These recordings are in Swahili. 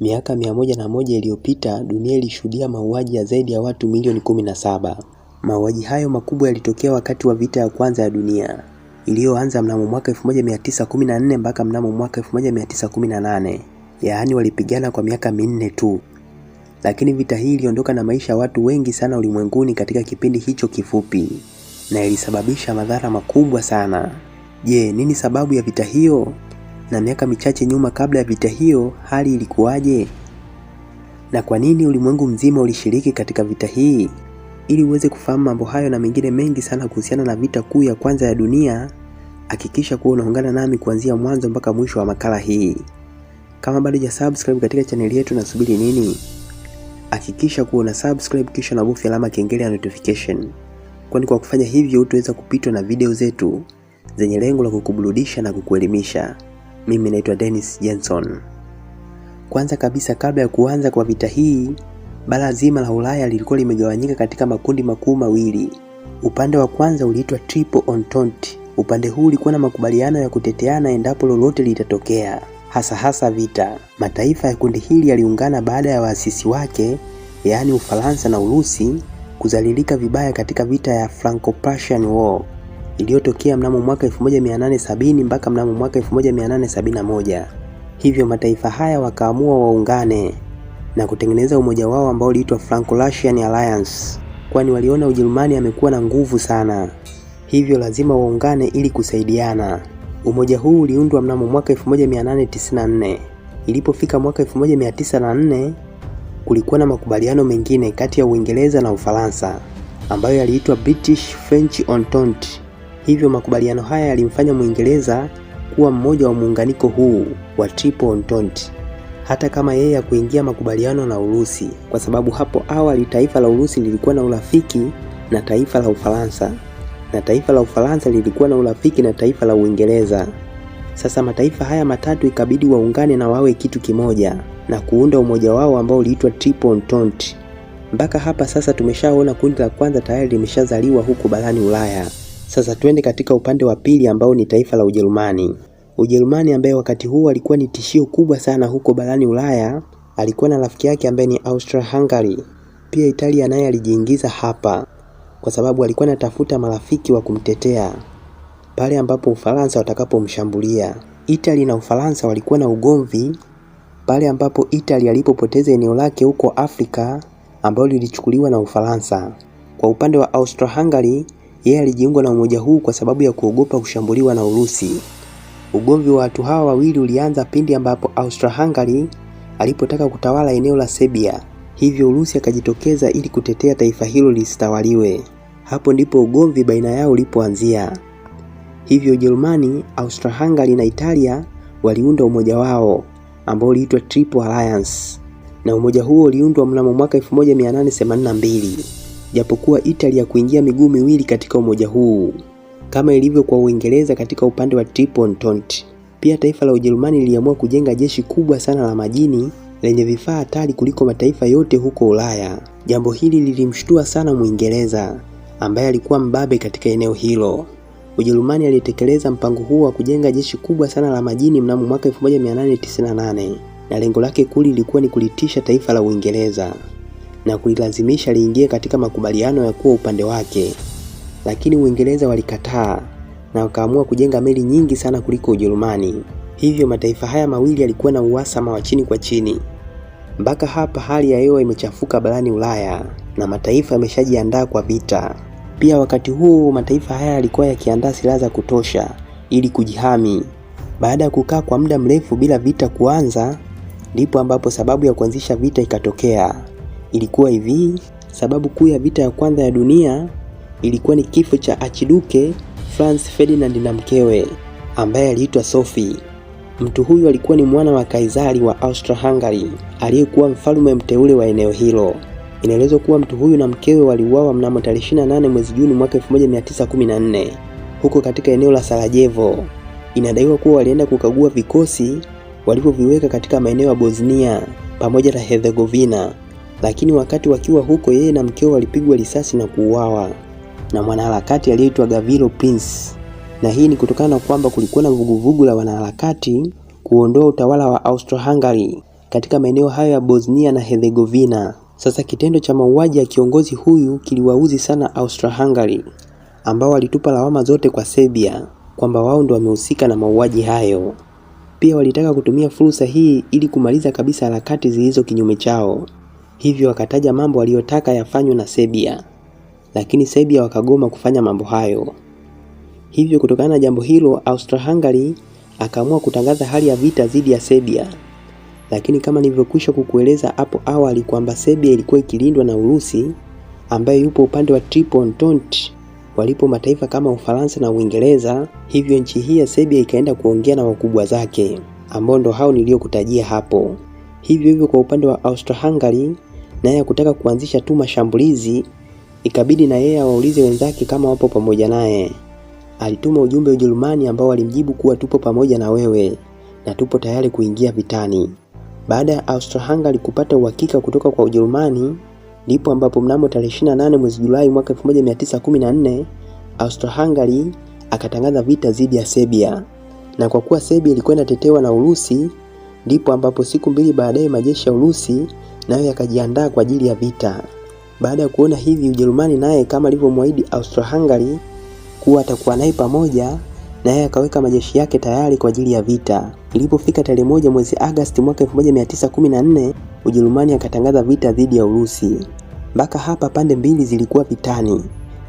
Miaka moja iliyopita dunia ilishuhudia mauaji ya zaidi ya watu milioni 17. Mauaji hayo makubwa yalitokea wakati wa vita ya kwanza ya dunia iliyoanza mnamo mwaka 1914 mpaka mnamo mwaka 1918, yaani walipigana kwa miaka minne tu, lakini vita hii iliondoka na maisha ya watu wengi sana ulimwenguni katika kipindi hicho kifupi na ilisababisha madhara makubwa sana. Je, nini sababu ya vita hiyo? Na miaka michache nyuma kabla ya vita hiyo hali ilikuwaje? Na kwa nini ulimwengu mzima ulishiriki katika vita hii? Ili uweze kufahamu mambo hayo na mengine mengi sana kuhusiana na vita kuu ya kwanza ya dunia, hakikisha kuwa unaungana nami kuanzia mwanzo mpaka mwisho wa makala hii. Kama bado hujasubscribe katika chaneli yetu, nasubiri nini? Hakikisha kuwa una subscribe kisha unabofya alama kengele ya notification, kwani kwa kufanya hivyo utaweza kupitwa na video zetu zenye lengo la kukuburudisha na kukuelimisha. Mimi naitwa Dennis Jenson. Kwanza kabisa, kabla ya kuanza kwa vita hii, bara zima la Ulaya lilikuwa limegawanyika katika makundi makuu mawili. Upande wa kwanza uliitwa Triple Entente. Upande huu ulikuwa na makubaliano ya kuteteana endapo lolote litatokea, hasa hasa vita. Mataifa ya kundi hili yaliungana baada ya waasisi wake, yaani Ufaransa na Urusi, kuzalilika vibaya katika vita ya Franco-Prussian War iliyotokea mnamo mwaka 1870 mpaka mnamo mwaka 1871. Hivyo mataifa haya wakaamua waungane na kutengeneza umoja wao ambao uliitwa Franco-Russian Alliance, kwani waliona Ujerumani amekuwa na nguvu sana, hivyo lazima waungane ili kusaidiana. Umoja huu uliundwa mnamo mwaka 1894. Ilipofika mwaka 1904, kulikuwa na makubaliano mengine kati ya Uingereza na Ufaransa ambayo yaliitwa British French Entente Hivyo makubaliano haya yalimfanya Mwingereza kuwa mmoja wa muunganiko huu wa Triple Entente, hata kama yeye kuingia makubaliano na Urusi, kwa sababu hapo awali taifa la Urusi lilikuwa na urafiki na taifa la Ufaransa na taifa la Ufaransa lilikuwa na urafiki na taifa la Uingereza. Sasa mataifa haya matatu ikabidi waungane na wawe kitu kimoja na kuunda umoja wao ambao uliitwa Triple Entente. Mpaka hapa sasa tumeshaona kundi la kwanza tayari limeshazaliwa huku barani Ulaya. Sasa twende katika upande wa pili ambao ni taifa la Ujerumani. Ujerumani ambaye wakati huu alikuwa ni tishio kubwa sana huko barani Ulaya, alikuwa na rafiki yake ambaye ni Austria-Hungary. Pia Italia naye alijiingiza hapa kwa sababu alikuwa anatafuta marafiki wa kumtetea pale ambapo Ufaransa watakapomshambulia. Italy na Ufaransa walikuwa na ugomvi pale ambapo Italy alipopoteza eneo lake huko Afrika ambalo lilichukuliwa na Ufaransa. Kwa upande wa Austria-Hungary yeye alijiunga na umoja huu kwa sababu ya kuogopa kushambuliwa na Urusi. Ugomvi wa watu hawa wawili ulianza pindi ambapo Austria-Hungary alipotaka kutawala eneo la Serbia, hivyo Urusi akajitokeza ili kutetea taifa hilo lisitawaliwe. Hapo ndipo ugomvi baina yao ulipoanzia. Hivyo Ujerumani, Austria-Hungary na Italia waliunda umoja wao ambao uliitwa Triple Alliance, na umoja huo uliundwa mnamo mwaka 1882 japokuwa ya kuingia miguu miwili katika umoja huu kama ilivyo kwa Uingereza katika upande wa Triple Entente. Pia taifa la Ujerumani liliamua kujenga jeshi kubwa sana la majini lenye vifaa hatari kuliko mataifa yote huko Ulaya. Jambo hili lilimshtua sana Mwingereza ambaye alikuwa mbabe katika eneo hilo. Ujerumani alitekeleza mpango huo wa kujenga jeshi kubwa sana la majini mnamo mwaka 1898 na lengo lake kuu lilikuwa ni kulitisha taifa la Uingereza na kulilazimisha liingie katika makubaliano ya kuwa upande wake, lakini Uingereza walikataa na wakaamua kujenga meli nyingi sana kuliko Ujerumani. Hivyo mataifa haya mawili yalikuwa na uhasama wa chini kwa chini. Mpaka hapa hali ya hewa imechafuka barani Ulaya na mataifa yameshajiandaa kwa vita. Pia wakati huo mataifa haya yalikuwa yakiandaa silaha za kutosha ili kujihami. Baada ya kukaa kwa muda mrefu bila vita kuanza, ndipo ambapo sababu ya kuanzisha vita ikatokea. Ilikuwa hivi, sababu kuu ya vita ya kwanza ya dunia ilikuwa ni kifo cha Archduke Franz Ferdinand na mkewe ambaye aliitwa Sophie. Mtu huyu alikuwa ni mwana wa Kaisari wa Austria-Hungary aliyekuwa mfalme mteule wa eneo hilo. Inaelezwa kuwa mtu huyu na mkewe waliuawa mnamo tarehe 28 mwezi Juni mwaka 1914 huko katika eneo la Sarajevo. Inadaiwa kuwa walienda kukagua vikosi walivyoviweka katika maeneo ya Bosnia pamoja na Herzegovina lakini wakati wakiwa huko yeye na mkeo walipigwa risasi na kuuawa na mwanaharakati aliyeitwa Gavilo Prince, na hii ni kutokana na kwamba kulikuwa na vuguvugu la wanaharakati kuondoa utawala wa Austro-Hungary katika maeneo hayo ya Bosnia na Herzegovina. Sasa kitendo cha mauaji ya kiongozi huyu kiliwauzi sana Austro-Hungary ambao walitupa lawama zote kwa Serbia kwamba wao ndio wamehusika na mauaji hayo. Pia walitaka kutumia fursa hii ili kumaliza kabisa harakati zilizo kinyume chao hivyo wakataja mambo aliyotaka yafanywe na Serbia, lakini Serbia wakagoma kufanya mambo hayo. Hivyo kutokana na jambo hilo, Austro-Hungary akaamua kutangaza hali ya vita dhidi ya Serbia. Lakini kama nilivyokwisha kukueleza hapo awali kwamba Serbia ilikuwa ikilindwa na Urusi ambayo yupo upande wa Triple Entente walipo mataifa kama Ufaransa na Uingereza. Hivyo nchi hii ya Serbia ikaenda kuongea na wakubwa zake ambao ndo hao niliyokutajia hapo. Hivyo hivyo kwa upande wa Austro-Hungary na yeye kutaka kuanzisha tu mashambulizi, ikabidi na yeye awaulize wenzake kama wapo pamoja naye. Alituma ujumbe Ujerumani ambao walimjibu kuwa tupo pamoja na wewe na tupo tayari kuingia vitani. Baada ya Austro-Hungary kupata uhakika kutoka kwa Ujerumani, ndipo ambapo mnamo tarehe 28 mwezi Julai mwaka 1914 Austro-Hungary akatangaza vita dhidi ya Serbia, na kwa kuwa Serbia ilikuwa inatetewa na Urusi, ndipo ambapo siku mbili baadaye majeshi ya Urusi nayo yakajiandaa kwa ajili ya vita. Baada ya kuona hivi, Ujerumani naye kama alivyomwahidi Austro-Hungary kuwa atakuwa naye pamoja, naye akaweka majeshi yake tayari kwa ajili ya vita. Ilipofika tarehe moja mwezi Agosti mwaka 1914, Ujerumani akatangaza vita dhidi ya Urusi. Mpaka hapa pande mbili zilikuwa vitani,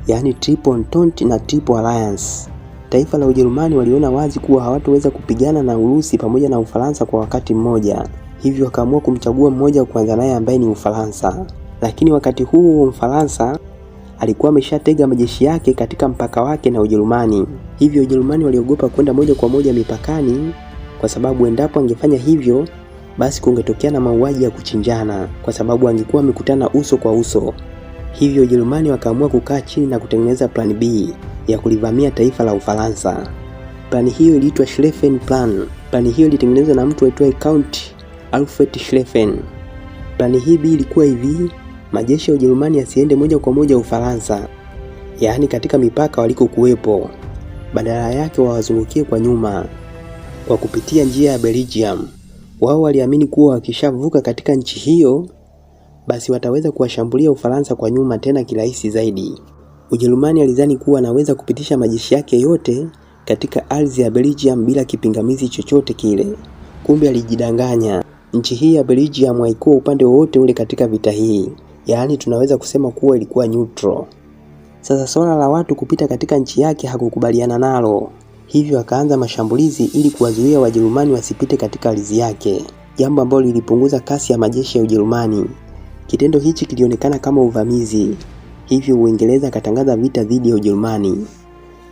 yaani Triple Entente na Triple Alliance. Taifa la Ujerumani waliona wazi kuwa hawatoweza kupigana na Urusi pamoja na Ufaransa kwa wakati mmoja hivyo akaamua kumchagua mmoja kuanza naye ambaye ni Ufaransa. Lakini wakati huu Mfaransa alikuwa ameshatega majeshi yake katika mpaka wake na Ujerumani, hivyo Ujerumani waliogopa kwenda moja kwa moja mipakani, kwa sababu endapo angefanya hivyo basi kungetokea na mauaji ya kuchinjana, kwa sababu angekuwa amekutana uso kwa uso. Hivyo Ujerumani wakaamua kukaa chini na kutengeneza plan B ya kulivamia taifa la Ufaransa. Plani hiyo iliitwa Schlieffen Plan. Plani hiyo ilitengenezwa na mtu aitwaye Count Alfred Schleffen. Plani hii B ilikuwa hivi: majeshi ya Ujerumani yasiende moja kwa moja Ufaransa, yaani katika mipaka walikokuwepo, badala yake wawazungukie kwa nyuma kwa kupitia njia ya Belgium. Wao waliamini kuwa wakishavuka katika nchi hiyo, basi wataweza kuwashambulia Ufaransa kwa nyuma tena kirahisi zaidi. Ujerumani alizani kuwa anaweza kupitisha majeshi yake yote katika ardhi ya Belgium bila kipingamizi chochote kile. Kumbe alijidanganya. Nchi hii ya Belgium haikuwa upande wowote ule katika vita hii, yaani tunaweza kusema kuwa ilikuwa neutral. Sasa swala la watu kupita katika nchi yake hakukubaliana nalo, hivyo akaanza mashambulizi ili kuwazuia Wajerumani wasipite katika ardhi yake, jambo ambalo lilipunguza kasi ya majeshi ya Ujerumani. Kitendo hichi kilionekana kama uvamizi, hivyo Uingereza akatangaza vita dhidi ya Ujerumani.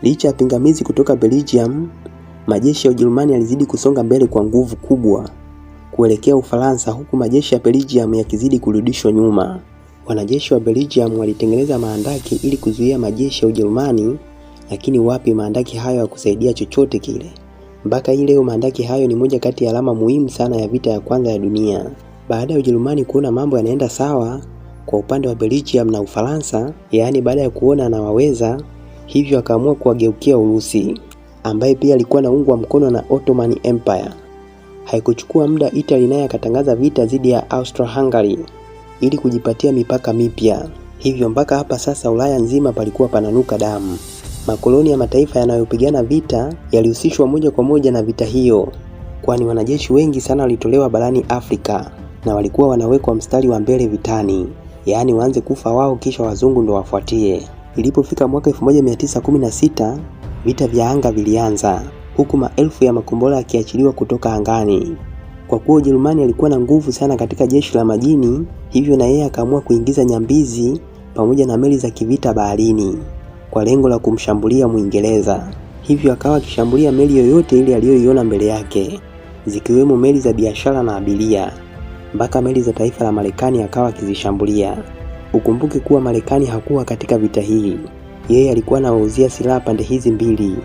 Licha ya pingamizi kutoka Belgium, majeshi ya Ujerumani yalizidi kusonga mbele kwa nguvu kubwa kuelekea Ufaransa huku majeshi ya Belgium yakizidi kurudishwa nyuma. Wanajeshi wa Belgium walitengeneza maandaki ili kuzuia majeshi ya Ujerumani, lakini wapi, maandaki hayo hakusaidia chochote kile. Mpaka hii leo maandaki hayo ni moja kati ya alama muhimu sana ya vita ya kwanza ya dunia. Baada ya Ujerumani kuona mambo yanaenda sawa kwa upande wa Belgium na Ufaransa, yaani baada ya kuona anawaweza, hivyo akaamua kuwageukia Urusi ambaye pia alikuwa anaungwa mkono na Ottoman Empire. Haikuchukua muda Italy naye akatangaza vita dhidi ya Austro-Hungary ili kujipatia mipaka mipya. Hivyo mpaka hapa sasa Ulaya nzima palikuwa pananuka damu. Makoloni ya mataifa yanayopigana vita yalihusishwa moja kwa moja na vita hiyo, kwani wanajeshi wengi sana walitolewa barani Afrika na walikuwa wanawekwa mstari wa mbele vitani, yaani waanze kufa wao kisha wazungu ndo wafuatie. Ilipofika mwaka 1916 vita vya anga vilianza huku maelfu ya makombora yakiachiliwa kutoka angani. Kwa kuwa Ujerumani alikuwa na nguvu sana katika jeshi la majini, hivyo na yeye akaamua kuingiza nyambizi pamoja na meli za kivita baharini kwa lengo la kumshambulia Mwingereza. Hivyo akawa akishambulia meli yoyote ile aliyoiona mbele yake, zikiwemo meli za biashara na abiria mpaka meli za taifa la Marekani akawa akizishambulia. Ukumbuke kuwa Marekani hakuwa katika vita hii, yeye alikuwa anawauzia silaha pande hizi mbili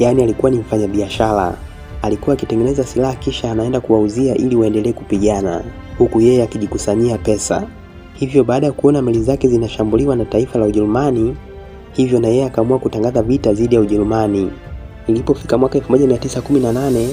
yaani alikuwa ni mfanyabiashara. Alikuwa akitengeneza silaha kisha anaenda kuwauzia ili waendelee kupigana, huku yeye akijikusanyia pesa. Hivyo baada ya kuona meli zake zinashambuliwa na taifa la Ujerumani, hivyo na yeye akaamua kutangaza vita dhidi ya Ujerumani. Ilipofika mwaka 1918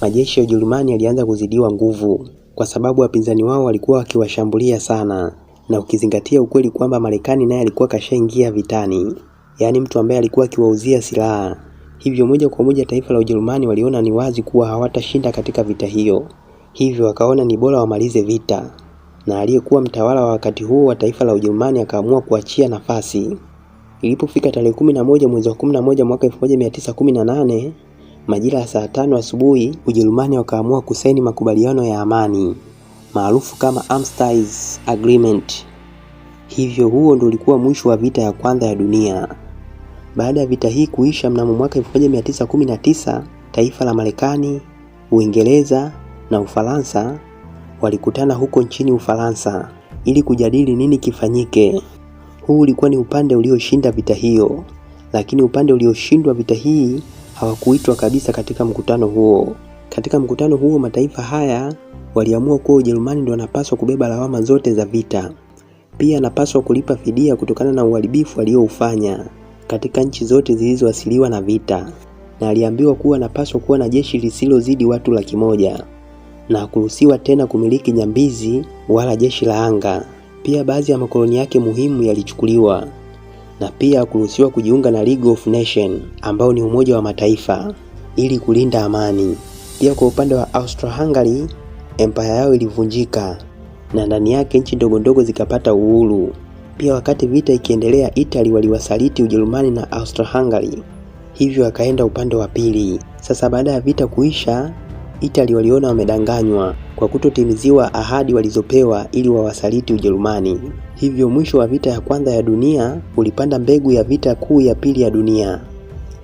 majeshi ya Ujerumani yalianza kuzidiwa nguvu kwa sababu wapinzani wao walikuwa wakiwashambulia sana, na ukizingatia ukweli kwamba Marekani naye alikuwa kashaingia vitani, yaani mtu ambaye alikuwa akiwauzia silaha. Hivyo moja kwa moja taifa la Ujerumani waliona ni wazi kuwa hawatashinda katika vita hiyo, hivyo wakaona ni bora wamalize vita, na aliyekuwa mtawala wa wakati huo wa taifa la Ujerumani akaamua kuachia nafasi. Ilipofika tarehe 11 mwezi wa 11 mwaka nane majira ya saa tano asubuhi, Ujerumani wakaamua kusaini makubaliano ya amani maarufu kama Armistice Agreement. Hivyo huo ndio ulikuwa mwisho wa vita ya kwanza ya dunia. Baada ya vita hii kuisha mnamo mwaka 1919, taifa la Marekani, Uingereza na Ufaransa walikutana huko nchini Ufaransa ili kujadili nini kifanyike. Huu ulikuwa ni upande ulioshinda vita hiyo, lakini upande ulioshindwa vita hii hawakuitwa kabisa katika mkutano huo. Katika mkutano huo, mataifa haya waliamua kuwa Ujerumani ndio anapaswa kubeba lawama zote za vita, pia anapaswa kulipa fidia kutokana na uharibifu alioufanya katika nchi zote zilizoasiliwa na vita, na aliambiwa kuwa anapaswa kuwa na jeshi lisilozidi watu laki moja na kuruhusiwa tena kumiliki nyambizi wala jeshi la anga. Pia baadhi ya makoloni yake muhimu yalichukuliwa na pia kuruhusiwa kujiunga na League of Nation ambao ni Umoja wa Mataifa ili kulinda amani. Pia kwa upande wa Austro-Hungary, empire yao ilivunjika na ndani yake nchi ndogo ndogo zikapata uhuru. Pia wakati vita ikiendelea, Italy waliwasaliti Ujerumani na Austro-Hungary, hivyo wakaenda upande wa pili. Sasa baada ya vita kuisha, Italy waliona wamedanganywa kwa kutotimiziwa ahadi walizopewa ili wawasaliti Ujerumani. Hivyo mwisho wa vita ya kwanza ya dunia ulipanda mbegu ya vita kuu ya pili ya dunia.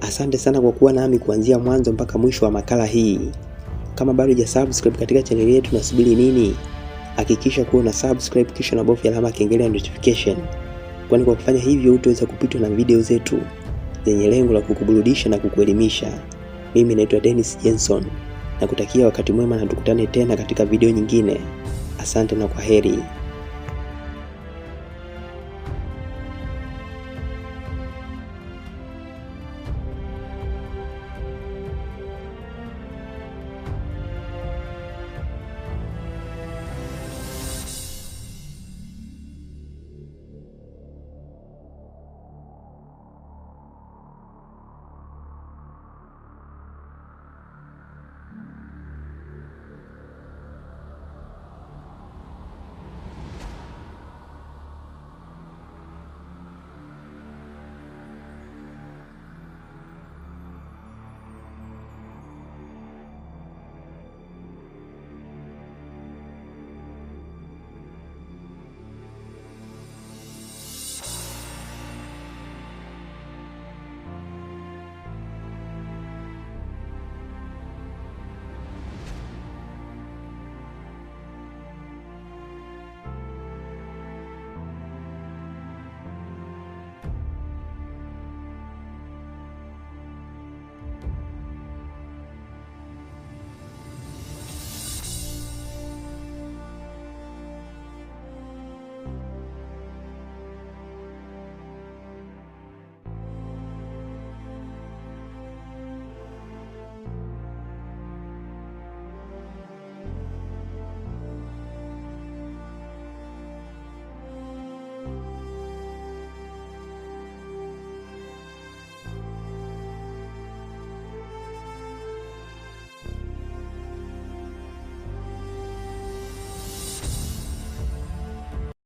Asante sana kwa kuwa nami kuanzia mwanzo mpaka mwisho wa makala hii. Kama bado hujasubscribe katika chaneli yetu, nasubiri nini? hakikisha kuwa na subscribe kisha na bofya alama kengele ya notification, kwani kwa kufanya hivyo utaweza kupitwa na video zetu zenye lengo la kukuburudisha na kukuelimisha. Mimi naitwa Dennis Jenson na kutakia wakati mwema, na tukutane tena katika video nyingine. Asante na kwa heri.